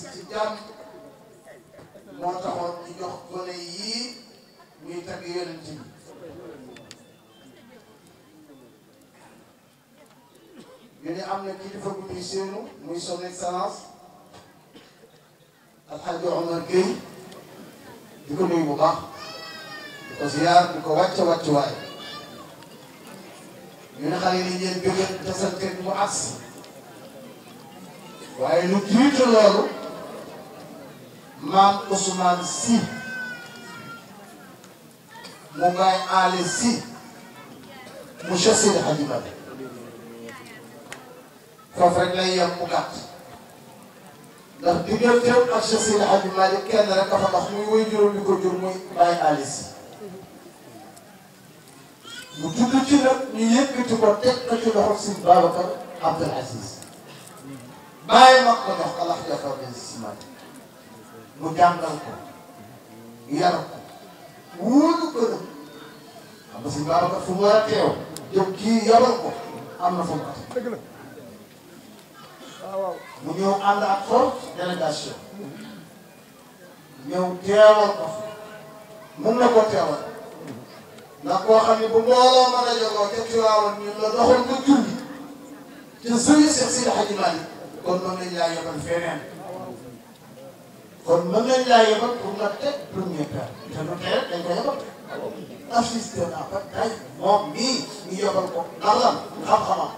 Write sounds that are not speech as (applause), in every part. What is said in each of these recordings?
ci jàmm moo taxoon ñu jox gone yii ñuy tagg yonent bi am na kilifa bu séenu muy son excellence alxaaji Omar Gueye di ko nuyu bu baax di ko ziyaar di ko wàcce wàcce waay ñu ne xale yi ngeen bëgg te sant mu as waaye lu jiitu loolu maam Ousmane Sy mu ngay aale Sy monsieur Seydi Hadji Malick foofu lay yem bu gàtt ndax digganteem ak Cheikh Seydi Hadji Malick kenn rek dafa tax muy woy juróom bi ko jur muy Baye Aali Sy mu tudd ci nag ñu yëkkati ko teg ko ci loxo si Babacar Abdoul Aziz bàyyi mag ko jox alax jafar bin Sy Malick mu jàngal ko yar ko wóolu ko nag xam nga suñu war a teew jóg kii yabal ko am na fu mu ko mu ñëw ànd ak forte délégation ñëw teewal mun na ko teewal ndax koo xam ne bu mbooloo mën a jogoo te Tiwaawan ñu la doxal ko julli te suñu Seex Seydi Hadji Malick kon noonu lañ laa yabal feneen kon mën nañ laa yebal pour nga teg premier père te ko yebal assisté naa ba tey moom mii ñu yebal ko dalam xam-xamam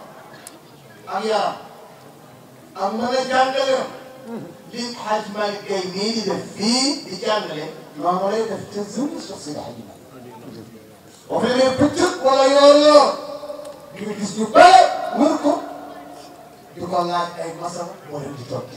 ak yaram ak mën a jàngale li Hadj Malick Gueye mii di def fii di jàngale noonu lay def te zone sox si fi nee bëccëg wala yoor yoor ñu gis ñu bëre wër ko di ko laaj ay masal wala di tontu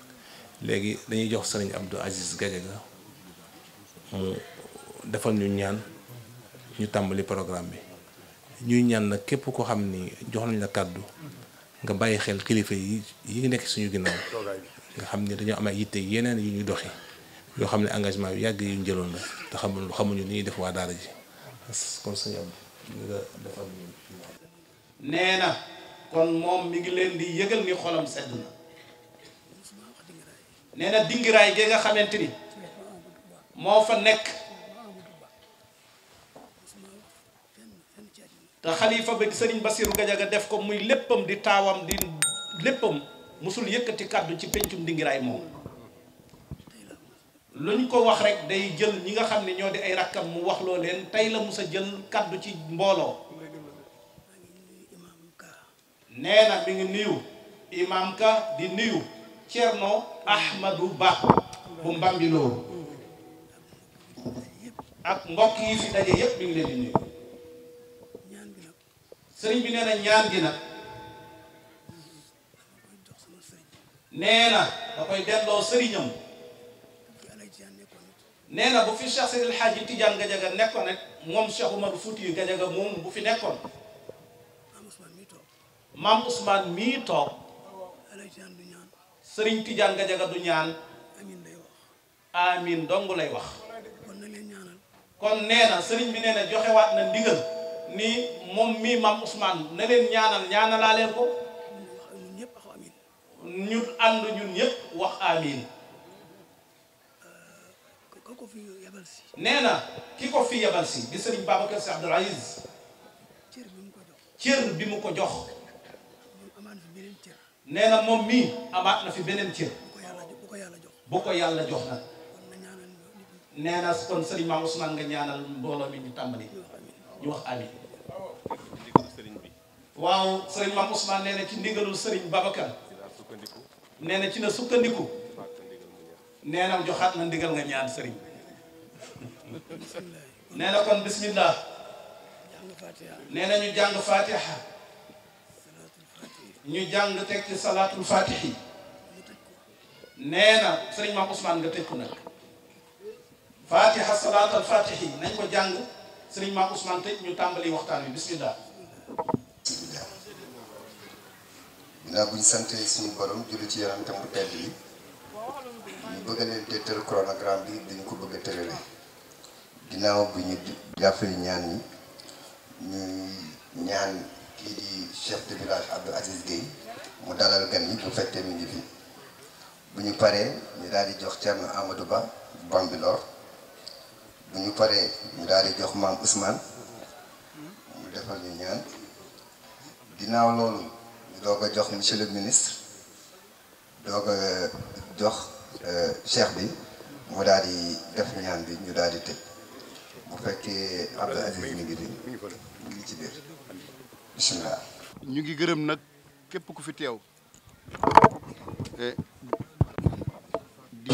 léegi dañuy jox sëriñ Abdou Aziz Gadiaga mu defal ñu ñaan ñu tàmbali programme bi ñuy ñaan nag képp ko xam ni jox nañ la kàddu nga bàyyi xel kilifa yi yi nekk suñu ginnaaw nga xam ni dañoo am ay yitte yeneen yu ñuy doxi yoo xam ne engagement bi yàgg yu ñu jëloon la te xamul xamuñu ni ñuy def waa daara ji nee na kon moom mi ngi leen di yëgal ni xolam sedd na nee na dingiraay gi nga xamante ni moo fa nekk te xalifa bi sëriñ Basiru Gajaga def ko muy léppam di taawam di léppam musul yëkkati kàddu ci pencum dingiraay moom luñ ko wax rek day jël ñi nga xam ne ñoo di ay rakkam mu wax loo leen tey la musa jël kàddu ci mbooloo nee na mi ngi nuyu imaam ka di nuyu Cerno Ahmadou Ba bu Mbambilor ak mbokk yi fi daje yépp mi ngi leen di nuyu sëriñ bi nee na ñaan gi nag nee na da koy delloo sëriñam nee na bu fi Cheikh Seydil Hadji Tidiane Gajaga nekkoon rek moom Cheikh Oumar Foutiyou Gajaga moom bu fi nekkoon maam Ousmane mii toog sëriñ Tijaan Gajaga du ñaan amin dong lay wax kon nee na sëriñ bi nee na joxewaat na ndigal ni moom mii maam Ousmane na leen ñaanal ñaanalaa ko ñu ànd ñun ñëpp wax amin nee ki ko fi yebal si di sëriñ Babacar Si Abdoul Aziz cër bi mu ko jox nee na moom mii amaat na fi beneen cër bu ko yàlla jox nag nee na kon sëriñ Maam Ousmane nga ñaanal mbooloo mi ñu tàmbali ñu wax amin waaw sëriñ Maam Ousmane nee na ci ndigalul sëriñ Babacar nee na ci la sukkandiku nee joxaat na ndigal nga ñaan sëriñ (laughs) nee na kon bismillah nee na ñu jàng fatiha ñu jàng teg ci salaatul faatihi nee na sëriñ maam Ousmane nga tëj ko nag faatiha salaatul faatihi nañ ko jàng sëriñ maam Ousmane ñu tàmbali waxtaan wi bismillah bismillah ginnaaw bu ñu santee suñu borom julli ci yaramtam bu tedd yi ñu bëgg leen tëttal chronogramme bi dañu ko bëgg a tërale ginnaaw bu ñu jàppale ñaan yi ñuy ñaan kii di chef de village Abdou Aziz mu dalal gan yi bu fekkee mi fi bu ñu paree ñu daal di jox Thierno Amadou Ba Bambilor bu ñu paree ñu daal di jox maam Ousmane mu defal ñu ñaan ginnaaw loolu ñu doog a jox monsieur ministre doog a jox euh, cheikh bi mu daal di def ñaan bi ñu daal di tëj mu fekkee Abdou Aziz mi ngi fi mi ngi ci biir. bisimilah. ñu ngi gërëm nag képp ku fi teew di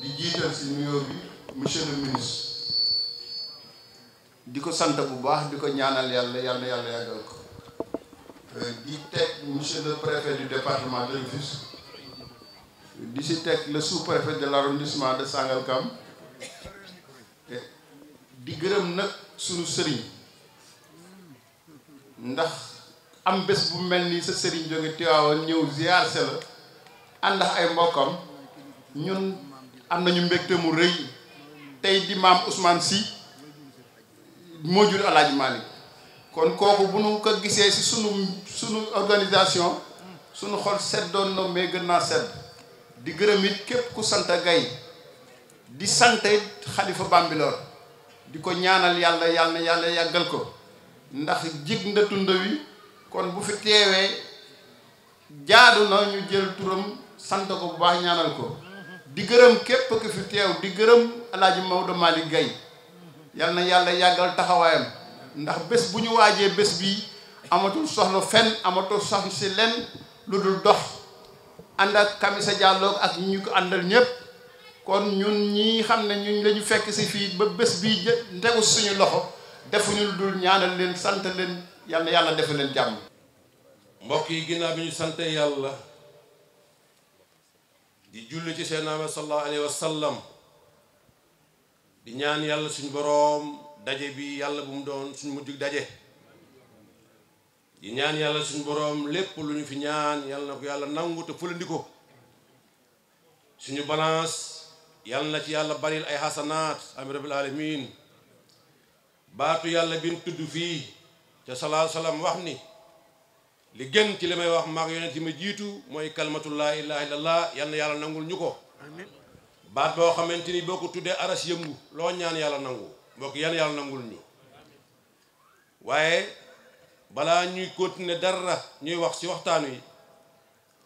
di jiital si nuyoo bi monsieur le ministre di ko sant bu baax di ko ñaanal yàlla yàlla yàggal ko di teg monsieur le préfet du département de Rufisque di si teg le sous-préfet de l'arrondissement de Sangalkam di gërëm nag sunu sëriñ ndax am bés bu mel ni sa sëriñ jóge Tiwaawan ñëw ziar la àndax ay mbokkam ñun am nañu mbégte mu rëy tey di maam Ousmane si moo jur El Hadj kon kooku bu nu ko gisee ci sunu sunu organisation sunu xol seddoon na mais gën naa sedd di gërëm it képp ku sant gay di sant it xalifa Bambilor di ko ñaanal yàlla yàlla na yàlla yàggal ko ndax jig nda tund wi kon bu fi teewee jaadu na ñu jël turam sant ko bu baax ñaanal ko di gërëm képp ki fi teew di gërëm alaaji Maodo Malick Gaye yal na yàlla yàggal taxawaayam ndax bés bu ñu waajee bés bi amatul soxla fenn amatul soxla si lenn lu dul dox ànd ak Kamisa Diallo ak ñu ko àndal ñépp kon ñun ñi xam ne ñu lañu fekk si fii ba bés bi ndegu suñu loxo defuñu lu dul ñaanal leen sant leen yàlla yàlla defal leen jàmm. mbokk yi ginnaaw bi ñu sant yàlla di julli ci seen naam sallallahu alayhi wa sallam di ñaan yàlla suñu boroom daje bi yàlla bu mu doon suñ mujjug daje di ñaan yàlla suñu boroom lépp lu ñu fi ñaan yàlla na ko yàlla nangu te fulandi suñu balance yàlla na ci yàlla baril ay xasanaat am rabbil baatu yàlla bi ñu tudd fii ca salaa salaam wax ni li gën ci li may wax maag yonent yi ma jiitu mooy kalimatu laa ilaaha illallah yàlla nangul ñu ko baat boo xamante ni boo ko tuddee aras yëngu loo ñaan yàlla nangu mbokk yan yàlla nangul ñu waaye balaa ñuy continuer dara ñuy wax ci waxtaan wi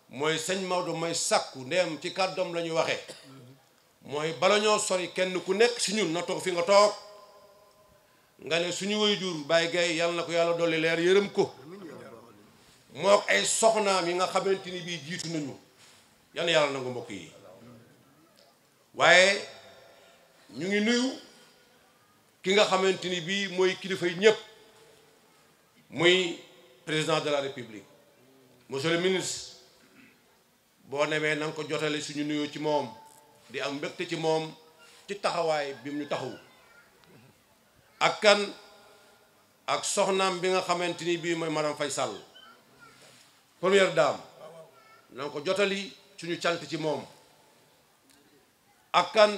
mooy sëñ Maodo mooy sàkku ndeem ci kàddoom la ñuy waxee mm-hmm. mooy bala sori kenn ku nekk si ñun na fi nga toog nga ne suñu waajur Baye Gaye yàlla na ko yàlla dolli leer yërëm ko moo ay soxnaam yi nga xamante ni bii jiitu nañu yal na yàlla nangu mbokk yi waaye ñu ngi nuyu ki nga xamante ni bii mooy kilifa yi ñëpp muy président de la république monsieur le ministre boo nemee na ko jotale suñu nuyoo ci moom di am mbégte ci moom ci taxawaay bi mu ñu taxaw ak kan ak soxnaam bi nga xamante ni bii mooy madame Faye sàll première daam na ko jotali suñu cant ci moom ak kan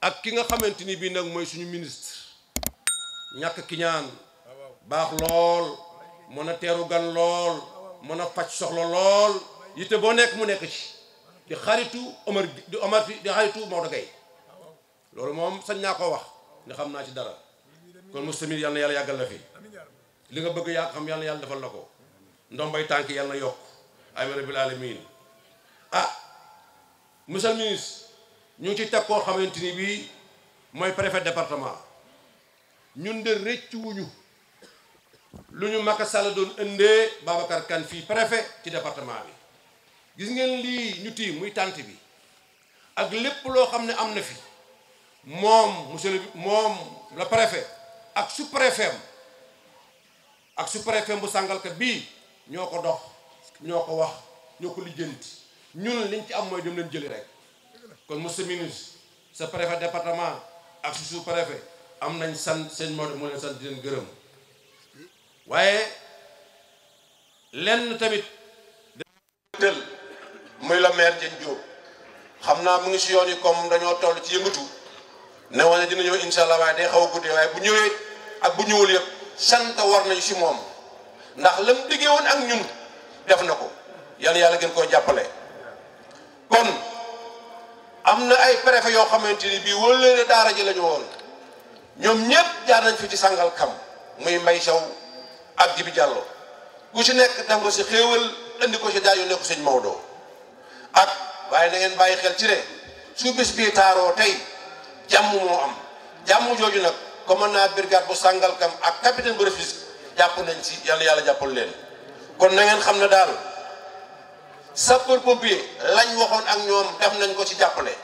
ak ki nga xamante ni bii nag mooy suñu ministre ñàkk ki baax lool mën a teeru gan lool mën a faj soxla lool yitte boo nekk mu nekk ci di xaritu Omar di Omar fi di xaritu Maodo Gueye loolu moom sañ naa ko wax ne xam naa ci dara kon Moustamir yal yàlla yàggal la fi li nga bëgg yaa xam yal na yàlla defal la ndombay tànk yal na yokk amiin rabbil alamin ah monsieur ñu ci teg koo xamante ni bii mooy préfet département ñun de rëcc wuñu lu ñu Macky Sall doon indee Babacar Kane fii préfet ci département bi gis ngeen lii ñu tii muy tànt bi ak lépp loo xam ne am na fi moom monsieur moom la préfet ak sous ak sous-préfet bu Sangalkat bii ñoo ko dox ñoo ko wax ñoo ko lijjanti ñun liñ ci am mooy dem leen jëli rek kon monsieur ministre sa préfet département ak su sous am nañ sant seen moo moo leen sant di leen gërëm waaye lenn tamit tël muy la maire Dieng Diop xam naa mu ngi si yoon yi comme dañoo toll ci yëngatu ne wala dina ñëw incha allah waaye day xaw guddee waaye bu ñëwee ak bu ñëwul yëpp sant war nañ si moom ndax lam diggee woon ak ñun def na ko yàlla yàlla gën koo jàppale kon am na ay préfet yoo xamante ni bii wëllëre daara ji lañu ñu woon ñoom ñëpp jaar nañ fi ci sàngal kam muy mbay saw ak jibi jàllo ku si nekk def nga si xéewal indi ko si daay yu nekk sëñ Maodo ak waaye na ngeen bàyyi xel ci de su bis bii taaroo tey jàmm moo am jàmm jooju nag commandant brigade bu Sangalkam ak capitaine bu jàpp nañ ci yàlla yàlla jàppal leen kon na ngeen xam ne daal sapeur pompier lañ waxoon ak ñoom def nañ ko ci jàppale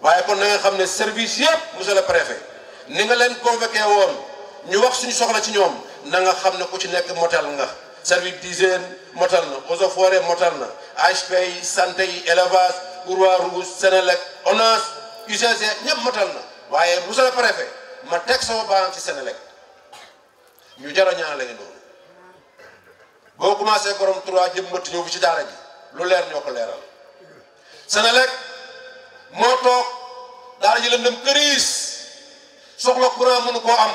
waaye kon na xam ne service yëpp monsieur le préfet ni nga leen convoqué woon ñu wax suñu soxla ci ñoom na nga xam ne ku ci nekk motal nga service d'hygiène motal na eaux et forêts motal na HP yi santé yi élevage Croix-Rouge Senelec ONAS UCG ñëpp motal na waaye monsieur le ma teg soo baam ci Senelec ñu jar a ñaan lañu loolu boo commencé borom trois jëm mbëtt ñëw bi ci daara ji lu leer ñoo ko leeral Senelec moo toog daara ji lëndëm këriis soxla courant mënu koo am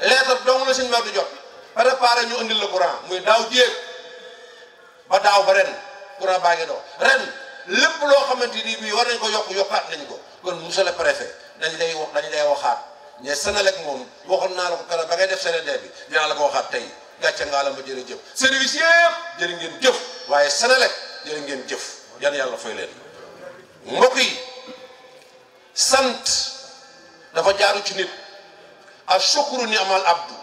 leetar dong la seen mag di jot préparé ñu indil la courant muy daaw jéeg ba daaw ba ren courant baa ngi dox ren lépp loo xamante ni bii war nañ ko yokk yokkaat nañ ko kon monsieur le préfet dañ lay wax dañ lay waxaat mais Senelec moom waxoon naa la ko kala ba ngay def CDD bi dinaa la ko waxaat tey gàcce ngaa la ma jërëjëf service yëpp jërë ngeen jëf waaye Senelec jërë ngeen jëf yan yàlla fay leen mbokk yi sant dafa jaaru ci nit a shukru ni'mal abdu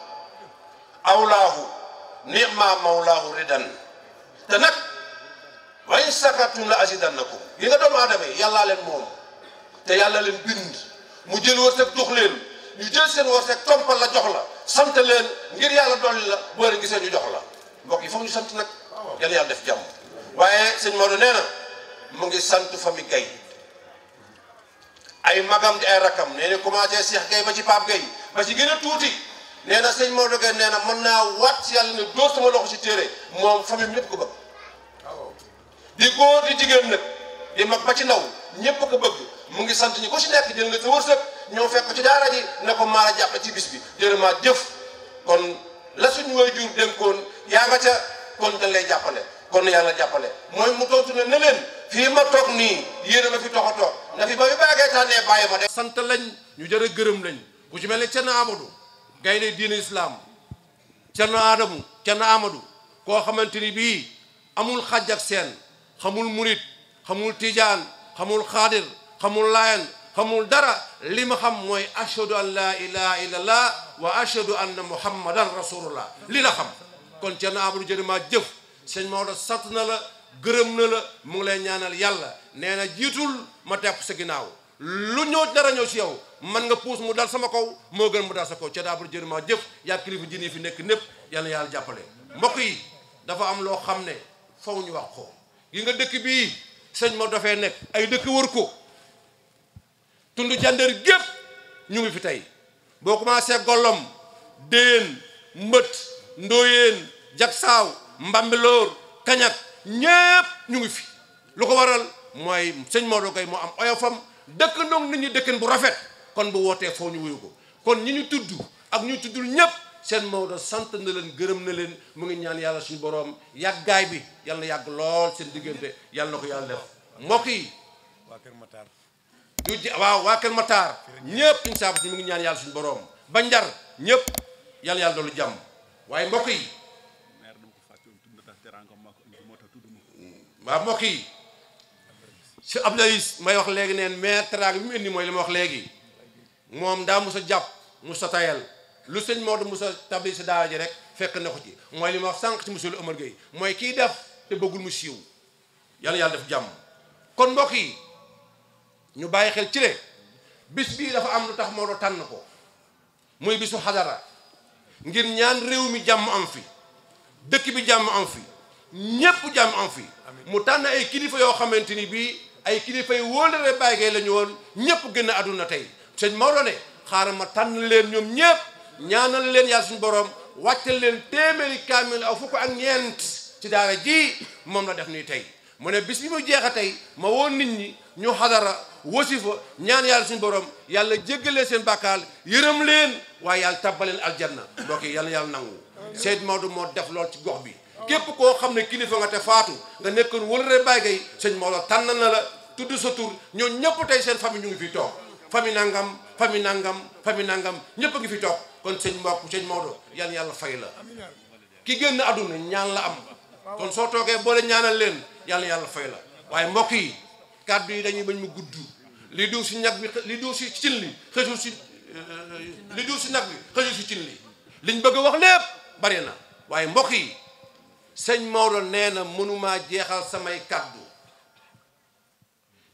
awlaahu ni'ma la azidannakum yi nga doomu aadama yi yàllaa leen moom te yàlla leen bind mu jël wërsëg jox leen ñu jël seen wërsëg compal la jox la sant leen ngir yàlla dolli la boo leen gisee ñu jox la mbokk yi foog ñu sant nag yal yàlla def jàmm waaye sëñ moo nee na mu ngi sant famille Gaye ay magam di ay rakam nee na commencé Cheikh Gaye ba ci gën a tuuti nee na sëñ Maodo Gaye na mën naa waat si yàlla ne dóor sama loxo si téere moom famille ñëpp ko bëgg di góor di jigéen nag di mag ba ci ndaw ñëpp ko bëgg mu ngi sant ñi ko si nekk jël nga sa wërsëg ñoo fekk ci daara ji ne ko maa la jàpp ci bis bi jërë maa jëf kon la suñu waajur dénkoon yaa nga ca kon dañ lay jàppale kon yàlla jàppale mooy mu tontu ne ne leen fii ma toog nii yéen a fi tox na fi ba bi baagee tànnee bàyyi ma de sant lañ ñu jërë gërëm lañ ku ci mel ne Cerno Amadou gaynde diine islaam Cerno Adamu Cerno Amadou koo xamante ni bii amul xaj ak seen xamul murit xamul tijaan xamul xaadir xamul laayan xamul dara li ma xam mooy ashhadu an laa ilaha illallah wa ashhadu anna muhammadan rasulullah li la xam kon Thierno Amadou Dieng maa jëf sëñ Maodo sant na la gërëm na la mu ngi lay ñaanal yàlla nee na jiitul ma tepp sa ginnaaw lu ñëw dara ñëw si yow man nga puus mu dal sama kow moo gën mu dal sa kaw Thierno Amadou Dieng maa jëf yaa kilifa jën yi fi nekk népp yàlla yàlla jàppale mbokk yi dafa am loo xam ne faw ñu wax ko gi nga dëkk bii sëñ Maodo dafay nekk ay dëkk wër ko tund jandar gépp ñu ngi fi tey boo commencé golom déen mbët ndóoyeen jagsaaw mbambilóor kañak ñépp ñu ngi fi lu ko waral mooy sëñ Modou Gueye moo am oyofam dëkk ndoog nit ñi dëkkin bu rafet kon bu wootee foo ñu wuyu ko kon ñi ñu tudd ak ñu tuddul ñépp seen Maodo sant na leen gërëm na leen mu ngi ñaan yàlla suñu boroom yàggaay bi yàlla yàgg lool seen diggante yàlla na ko yàlla def mbokk yi waa ñu ji waaw waa Kër ma ñëpp suñ saabu si mu ngi ñaan yàlla suñu boroom ba njar ñëpp yàlla yàlla lu jàmm waaye mbokk yi waaw mbokk yi si Abdoulaye may wax léegi neen mais teraanga bi mu indi mooy li ma wax léegi moom daa musa jàpp musa tayal lu sëñ du musa tabli si daara ji rek fekk na ko ci mooy li ma wax sànq ci monsieur le Omar mooy kii def te bëggul mu siiw yàlla yàlla def jàmm kon mbokk ñu bàyyi xel ci ne bis bii dafa am lu tax Maodo tànn ko muy bisu xadara ngir ñaan réew mi jàmm am fi dëkk bi jàmm am fi ñépp jàmm am fi mu tànn ay kilifa yoo xamante ni bii ay kilifa yu wóolare Baye Gaye la ñu woon ñépp gën àdduna tey sëñ Maodo ne xaaral ma tànn leen ñoom ñépp ñaanal leen yàlla suñu boroom wàccal leen téeméeri kaamil aw fukk ak ñeent ci daara ji moom la def nii tey mu ne bis bi mu jeexa tey ma woon nit ñi ñu xadara wasifa ñaan yàlla suñu borom yàlla jéggalee seen bàkkaar yërëm leen waaye yàlla tabbaleen aljanna mbokk yi yàlla yàlla nangu Seyd Maodo moo def lool ci gox bi képp koo xam ne kilifa nga te faatu nga nekkoon wëlëre Baye Gueye sëñ Maodo tànn na la tudd sa tur ñoo ñëpp tey seen famille ñu ngi fi toog famille nangam famille nangam famille nangam ñëpp a ngi fi toog kon sëñ mbokk sëñ Maodo yàlla yàlla fay la ki génn àdduna yàlla yàlla fay la waaye mbokk yi kàddu yi dañuy bañ mu gudd li diw si ñag bi li diw si cin li xësul si euh, li diw si nag bi xësul si cin li liñ bëgg a wax lépp bari na waaye mbokk yi sëñ Maodo nee na mënumaa jeexal samay kàddu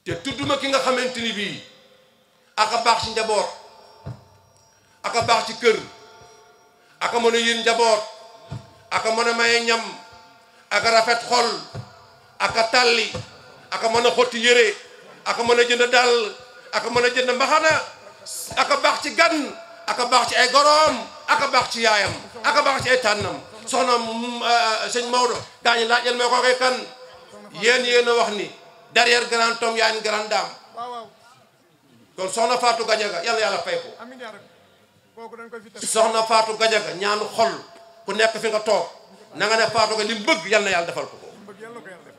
te tudd tudduma ki nga xamante ni bii aka baax ci njaboot aka baax ci kër aka mën a yéen njaboot aka mën a maye ñam aka rafet xol aka tàlli aka mën a xotti yére aka mën a jënd dàll aka mën a jënd mbaxana aka baax ci gan aka baax ci ay goroom aka baax ci yaayam aka baax ci ay tànnam soxna mm, euh, sëñ Maodo daañu laaj yan may ko koy kan yéen yéen a wax ni derrière grand homme y a une grande dame kon soxna Fatou Gadiaga yàlla yàlla fay ko soxna Fatou Gadiaga ñaanu xol ku nekk fi nga toog na nga ne Fatou li mu bëgg yàlla yàlla defal ko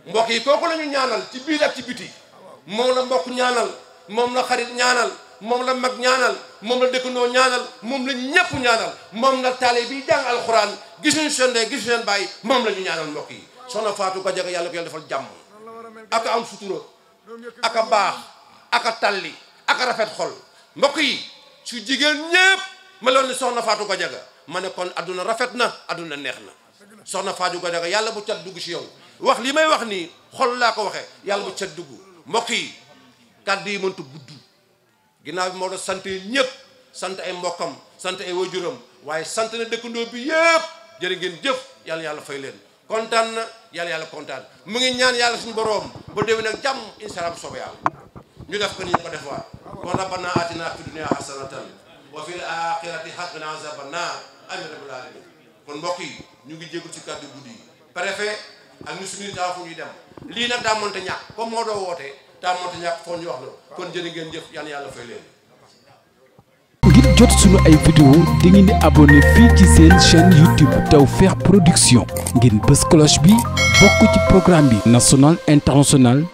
mbokk yi kooku la ñu ñaanal ci biir ak ci biti moom la mbokk ñaanal moom la xarit ñaanal moom la mag ñaanal moom la dëkkandoo ñaanal moom la ñëpp ñaanal moom la taale bi jàng alxuraan gisuñu seen dee gisuñu seen bàyyi moom la ñu ñaanal mbokk yi soxna Fatou Gadiaga yàlla ko yàlla defal jàmm ak am sutura ak a baax ak a talli ak rafet xol mbokk yi su jigéen ñëpp meloon ni soxna faatu Fatou Gadiaga ma ne kon adduna rafet na adduna neex na soxna Fatou Gadiaga yàlla bu cat dugg si yow wax li may wax nii xol laa ko waxe yàlla bu ca dugg mbokk yi kàddu yi mënta gudd ginnaaw bi moo doon sant ñëpp sant ay mbokkam sant ay wajuram waaye sant na dëkkandoo bi yëpp jërë ngeen jëf yàlla yàlla fay leen kontaan na yàlla kontaan mu ngi ñaan yàlla suñu boroom ba déwén ak jàmm insalaam sooba ñu def ko ni ko def waa kon rabbana atina fi dunya hasanatan wa fil akhirati hasanatan wa yi ñu ngi jégu ci kàdd guddi yi ak ñu lii nag daa mënta moo doo wootee daa mënta yàlla fay ngir jot suñu ay vidéo di ngeen di abonné fii ci seen chaîne YouTube Tawfekh Production ngeen bës cloche bi bokk ci programme bi national international